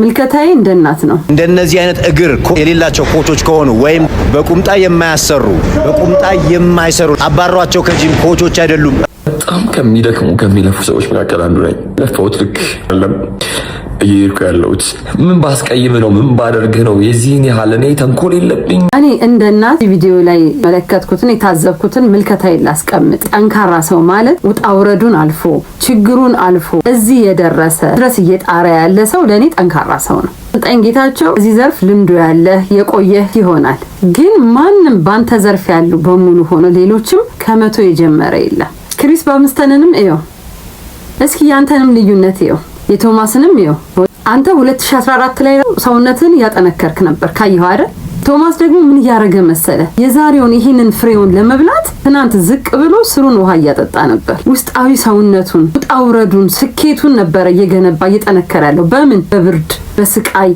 ምልከታዬ እንደ እናት ነው። እንደነዚህ አይነት እግር የሌላቸው ኮቾች ከሆኑ ወይም በቁምጣ የማያሰሩ በቁምጣ የማይሰሩ አባሯቸው ከጂም ኮቾች አይደሉም። በጣም ከሚደክሙ ከሚለፉ ሰዎች መካከል አንዱ ነኝ። ለፈውት ልክ አለም እየሄድኩ ያለሁት ምን ባስቀይም ነው? ምን ባደርግ ነው? የዚህን ያህል እኔ ተንኮል የለብኝ። እኔ እንደ እናት ቪዲዮ ላይ መለከትኩትን የታዘብኩትን ምልከታዬ ላስቀምጥ። ጠንካራ ሰው ማለት ውጣ ውረዱን አልፎ ችግሩን አልፎ እዚህ የደረሰ ድረስ እየጣረ ያለ ሰው ለእኔ ጠንካራ ሰው ነው። አሰልጣኝ ጌታቸው እዚህ ዘርፍ ልምዱ ያለ የቆየ ይሆናል፣ ግን ማንም ባንተ ዘርፍ ያሉ በሙሉ ሆነ ሌሎችም ከመቶ የጀመረ የለም። ክሪስ ባምስተንንም እየው እስኪ ያንተንም ልዩነት እየው። የቶማስንም ይኸው አንተ 2014 ላይ ሰውነትን ያጠነከርክ ነበር ካየኸው አይደል? ቶማስ ደግሞ ምን እያደረገ መሰለ? የዛሬውን ይህንን ፍሬውን ለመብላት ትናንት ዝቅ ብሎ ስሩን ውሃ እያጠጣ ነበር። ውስጣዊ ሰውነቱን ውጣውረዱን ስኬቱን ነበረ እየገነባ እየጠነከረ ያለው በምን በብርድ በስቃይ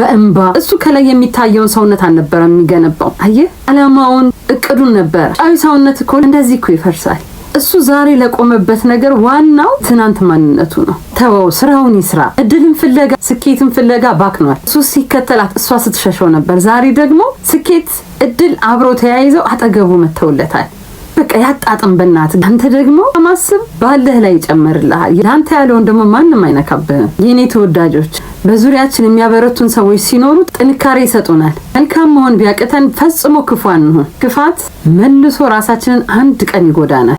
በእንባ እሱ ከላይ የሚታየውን ሰውነት አልነበረ የሚገነባው። አየህ፣ አላማውን እቅዱን ነበረ። ውጫዊ ሰውነት እኮ እንደዚህ እኮ ይፈርሳል። እሱ ዛሬ ለቆመበት ነገር ዋናው ትናንት ማንነቱ ነው። ተወው፣ ስራውን ይስራ። እድልን ፍለጋ ስኬትን ፍለጋ ባክኗል። እሱ ሲከተላት እሷ ስትሸሸው ነበር። ዛሬ ደግሞ ስኬት፣ እድል አብሮ ተያይዘው አጠገቡ መተውለታል። በቃ ያጣጥም በናት። አንተ ደግሞ ማስብ ባለህ ላይ ይጨመርልሃል። ለአንተ ያለውን ደግሞ ማንም አይነካብህም። የእኔ ተወዳጆች በዙሪያችን የሚያበረቱን ሰዎች ሲኖሩ ጥንካሬ ይሰጡናል። መልካም መሆን ቢያቅተን ፈጽሞ ክፉ አንሁን። ክፋት መልሶ ራሳችንን አንድ ቀን ይጎዳናል።